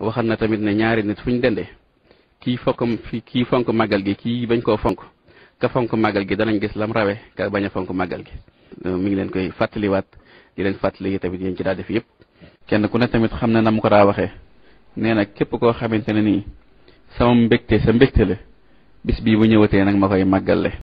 waxal na tamit ne ñaari nit fu ñu dendee kii fonk fi kii fonk màggal gi kii bañ koo fonk ka fonk màggal gi danañ gis lam rawe ka bañ a fonk màggal gi euh, mu ngi leen koy fàttaliwaat di leen fàttali tamit yéen ci daal def yëpp kenn ku ne tamit xam na mu ko daa waxee nee na képp koo xamante ne nii sama mbégte sa mbégte la bis bi bu ñëwatee nag ma koy màggal